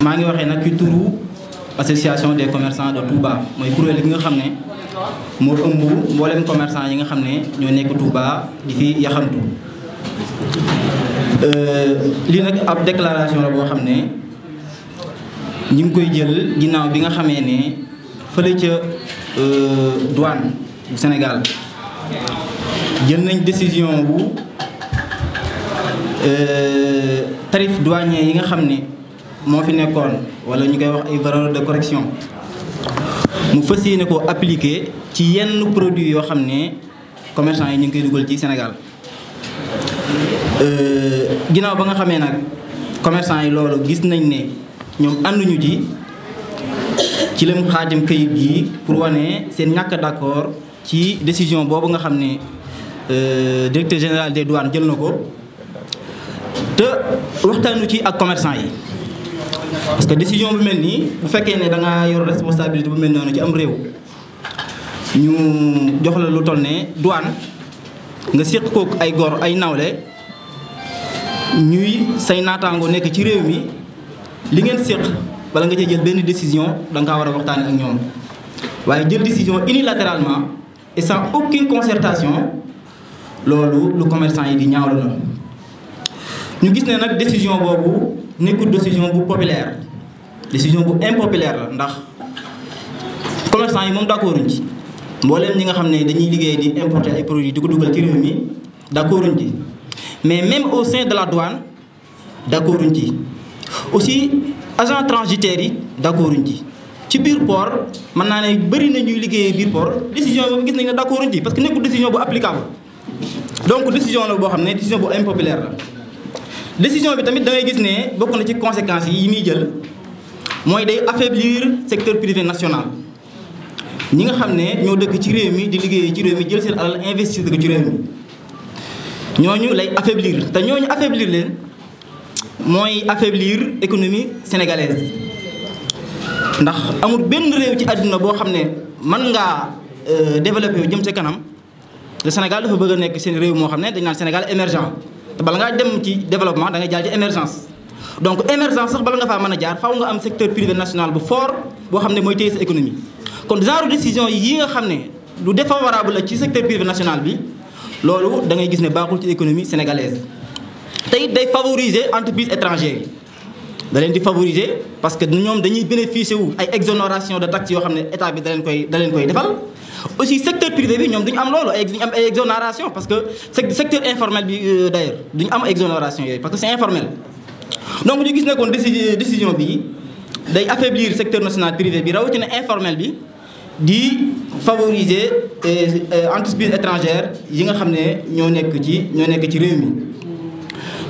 maa ngi waxee nag ci turu association des commerçants de Touba mooy kuréel bi nga xam ne moo ëmb mboolem commerçant yi nga xam ne ñoo nekk Touba di fi yaxantu euh, lii nag ab déclaration la boo xam ne ñu ngi koy jël ginnaaw bi nga xamee ne fële ca euh, douane bu Sénégal jël nañ décision bu euh, tarif douanier yi nga xam ne. moo fi nekkoon wala ñu koy wax ay valeurs de correction mu fas yéene ko appliquer ci yenn produit yoo xam ne commerçant yi ñu ngi koy dugal ci Sénégal euh, ginnaaw ba nga xamee nag commerçant yi loolu gis nañ ne ñoom ànduñu ci ci lam xaatim kayit gi pour wane seen ñàkk d'accord ci décision boobu nga xam ne euh, directeur général des douanes jël na ko te waxtaanu ci ak commerçant yi parce que décision bu mel nii bu fekkee ne danga ngaa yor responsabilité bu mel noonu ci am réew ñu jox la lu toll ne douane nga séq kook ay gor ay nawle ñuy say naataango nekk ci réew mi li ngeen séq walla nga cee jël benn décision da nga war a waxtaane ak ñoom waaye jël décision unilatéralement et sans aucune concertation loolu lu commerçant yi di ñaawlu la ñu gis ne nag décision boobu nekkul décision bu populaire décision bu impopulaire la ndax commerçant yi moom d'accorduñ ci mbooleem ñi nga xam ne dañuy liggéey di importer ay produits di ko dugal ci réew mi d'accorduñ ci mais même au sein de la douane d'accorduñ ci aussi agent transitaire yi d'accorduñ ci ci biir port mën naa ne bëri na ñuy liggéeyee biir port décision boobu gis nañ ne d'accorduñ ci parce que nekkul décision bu applicable donc décision la boo xam ne décision bu impopulaire la décision bi tamit da gis ne bokk na ci conséquences yi muy jël mooy day affaiblir secteur privé national ñi nga xam ne ñoo dëkk ci réew mi di liggéey ci réew mi jël seen alal investir ko ci réew mi ñooñu lay affaiblir te ñooñu affaiblir leen mooy affaiblir économie sénégalaise ndax amut benn réew ci àdduna boo xam ne mën ngaa euh, développé yu jëm sa kanam te Sénégal dafa bëgg a nekk seen réew moo xam ne dañ naan Sénégal émergent bala ngaa dem ci développement da ngay jaar ci émergence donc émergence sax bala nga faa mën a jaar faaw nga am secteur privé nationale bu fort boo xam ne mooy téye sa économie kon genre décision yi nga xam ne lu défavorable la ci secteur privé national bi loolu dangay gis ne baaxul ci économie sénégalaise tey day favoriser entreprise étrangère yi daleen di favoriser parce que ñoom dañuy bénéficier wu ay exonération de taxes yoo xam ne état bi da koy da koy defal aussi secteur privé bi ñoom duñu am loolu ay duñu am ay exonération parce que secteur informel bi euh, d'ailleurs duñu am exonération yooyu parce que c'est informel donc ñu gis nekkoon kon décision bi day affaiblir secteur national privé bi rawatina informel bi di favoriser euh, euh, entreprise étrangère yi nga xam ne ñoo nekk ci ñoo nekk ci réew mi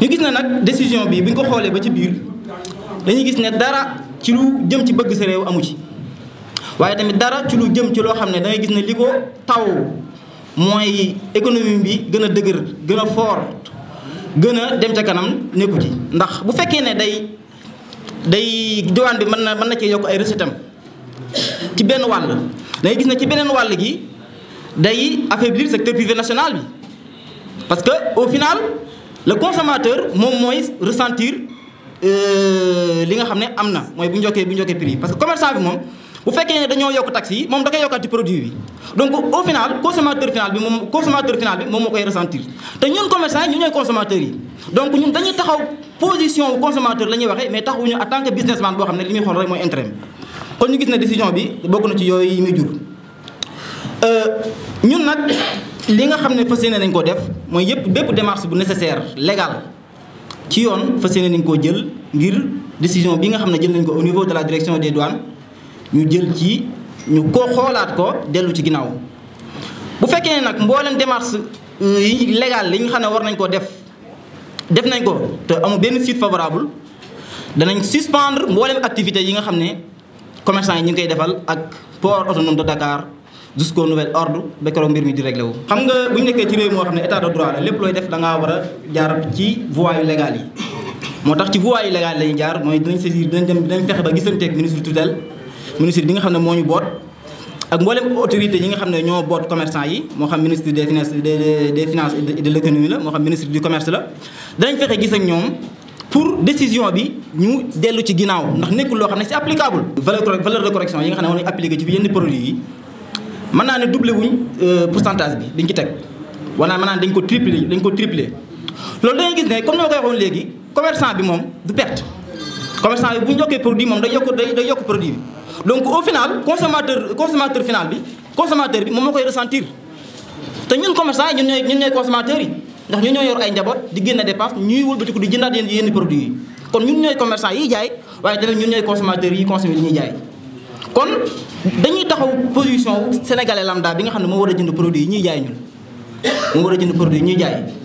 ñu gis na nag décision bi bu ñu ko xoolee ba ci biir dañuy gis ne dara ci lu jëm ci bëgg sa réew amu ci waaye tamit dara ci lu jëm ci loo xam ne da gis ne li ko taw mooy économie bi gën a dëgër gën a foor gën a dem ca kanam nekku ci ndax bu fekkee ne day day diwaan bi mën na mën na cee yokk ay recette ci benn wàll da ngay gis ne ci beneen wàll gi day affaiblir secteur privé national bi parce que au final le consommateur moom mooy ressentir Euh, li nga xam ne am na mooy bu ñu bu ñu yokkee prix parce que commerçant bi moom bu fekkee ne dañoo yokk taxe yi moom da koy yokkaat ci produit bi donc au final consommateur final bi moom consommateur bi moom moo koy ressentir te ñun commerçant yi ñu ñooy consommateurs yi donc ñun dañuy taxaw position consommateur la ñuy waxee mais taxawuñu en tant que businessman boo xam ne li muy xool ñu gis ne décision bi bokk na ci yooyu yi muy jur euh, ñun nag li nga xam ne fas yéene nañ ko def mooy yëpp bépp démarche bu nécessaire légale ci yoon fas yéene nañ koo jël ngir décision bi nga xam ne jël nañ ko au niveau de la direction des douanes ñu jël ci ñu ko xoolaat ko dellu ci ginnaaw bu fekkee ne nag mboolem démarche euh, yi légal li nga xam ne war nañ koo def def nañ ko te amul benn suite favorable danañ suspendre mboolem activité yi nga xam ne commerçant yi ñu ngi koy defal ak port autonome de Dakar jusqu'au nouvel ordre ba keroog mbir mi di réglé xam nga bu nekkee ci réew moo xam ne état de droit la lépp looy def da war a jaar ci voies yu yi moo tax ci voies yu légales jaar mooy dinañ saisir dinañ dem dinañ fexe ba gisanteeg ministre tutelle ministre bi nga xam ne moo ñu boot ak mboolem autorité yi nga xam ne ñoo boot commerçant yi moo xam ministre des finances des finances et de l'économie la moo xam ministre du commerce la danañ ñoom pour décision bi ñu dellu ci loo ne c'est applicable yi mën naa ne doublé wuñ euh, pourcentage bi dañ ci teg wala mën naa ne dañ ko triplé dañ ko triplé loolu da ngay gis ne comme ni ma ko waxoon léegi commerçant bi moom du perte commerçant bi bu ñu yokkee produit moom day yokk day yokk produit bi donc au final consommateur consommateur final bi consommateur bi moom moo koy ressentir te ñun commerçant yi ñun ñooy ñun ñooy consommateurs yi ndax ñun ñooy yor ay njaboot di génne dépense ñuy wëlbatiku di jëndaat yenn yenn yi kon li ñuy jaay kon dañuy taxaw position sénégalais lambda bi nga xam ne moo war a jënd produit yi ñuy jaay ñun moo war a jënd produit yi ñuy jaay